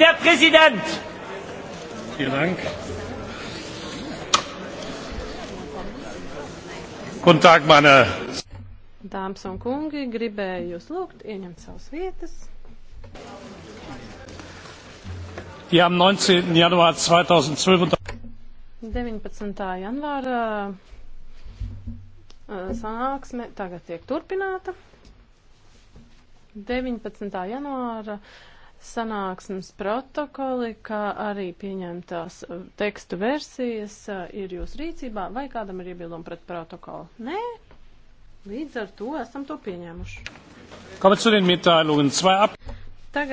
der Präsident. Vielen Dank. Guten Tag, meine Dāmas un kungi, gribēju jūs lūgt ieņemt savas vietas. Die am 19. Januar 2012 19. janvāra sanāksme tagad tiek turpināta. 19. janvāra sanāksmes protokoli, kā arī pieņemtās uh, tekstu versijas uh, ir jūsu rīcībā, vai kādam ir iebildumi pret protokolu? Nē, līdz ar to esam to pieņēmuši. Kommen zu den Mitteilungen. Zwei ab